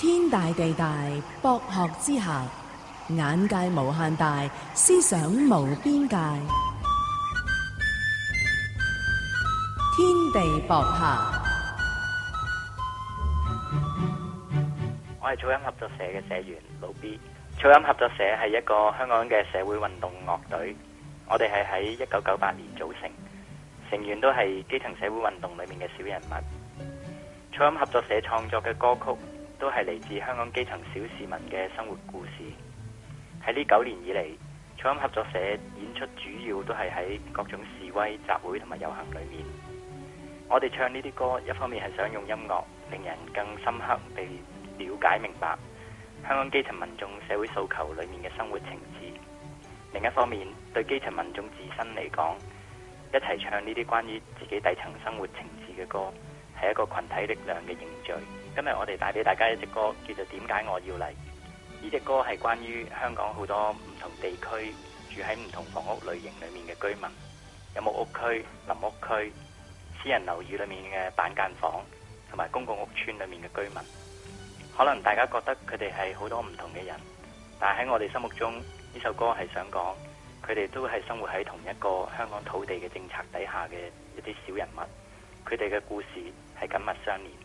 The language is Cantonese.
天大地大，博學之下，眼界無限大，思想無邊界。天地博客，我係噪音合作社嘅社員老 B。噪音合作社係一個香港嘅社會運動樂隊，我哋係喺一九九八年組成，成員都係基層社會運動裏面嘅小人物。噪音合作社創作嘅歌曲。都係嚟自香港基層小市民嘅生活故事。喺呢九年以嚟，噪音合作社演出主要都係喺各種示威集會同埋遊行裏面。我哋唱呢啲歌，一方面係想用音樂令人更深刻地了解明白香港基層民眾社會訴求裏面嘅生活情志；另一方面，對基層民眾自身嚟講，一齊唱呢啲關於自己底層生活情志嘅歌。係一個群體力量嘅凝聚。今日我哋帶俾大家一隻歌，叫做《點解我要嚟》。呢隻歌係關於香港好多唔同地區住喺唔同房屋類型裏面嘅居民，有冇屋區、臨屋區、私人樓宇裏面嘅板間房，同埋公共屋邨裏面嘅居民。可能大家覺得佢哋係好多唔同嘅人，但係喺我哋心目中，呢首歌係想講，佢哋都係生活喺同一個香港土地嘅政策底下嘅一啲小人物。佢哋嘅故事係緊密相連。